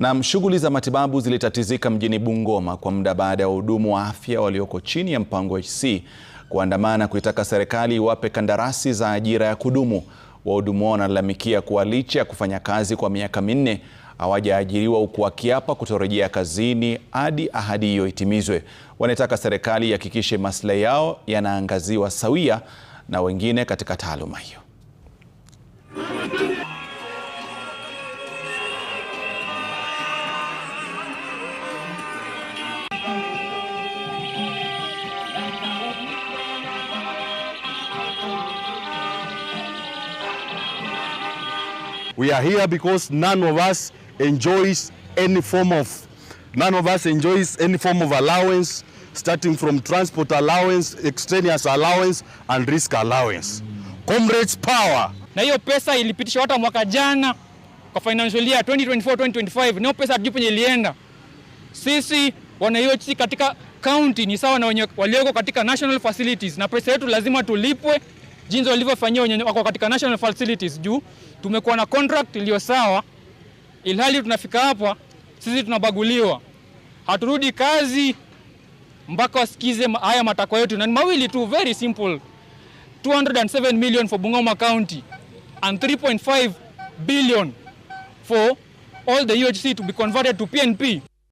Nam, shughuli za matibabu zilitatizika mjini Bungoma kwa muda baada ya wahudumu wa afya walioko chini ya mpango wa HC kuandamana kuitaka serikali iwape kandarasi za ajira ya kudumu. Wahudumu hao wanalalamikia kuwa licha ya kufanya kazi kwa miaka minne hawajaajiriwa huku wakiapa kutorejea kazini hadi ahadi hiyo itimizwe. Wanaitaka serikali ihakikishe maslahi yao yanaangaziwa sawia na wengine katika taaluma hiyo. We are here because none of us enjoys any form of none of us enjoys any form of allowance starting from transport allowance, extraneous allowance and risk allowance. Comrades power. Na hiyo pesa ilipitishwa hata mwaka jana kwa financial year 2024 2025. Nao pesa hatujupenye ilienda. Sisi wanaiyochi katika county ni sawa na wenye walioko katika national facilities na pesa yetu lazima tulipwe jinsi walivyofanyia wenye wako katika national facilities, juu tumekuwa na contract iliyo sawa, ilhali tunafika hapa sisi tunabaguliwa, haturudi kazi mpaka wasikize haya matakwa yetu, na ni mawili tu, very simple 207 million for Bungoma County and 3.5 billion for all the UHC to be converted to PNP.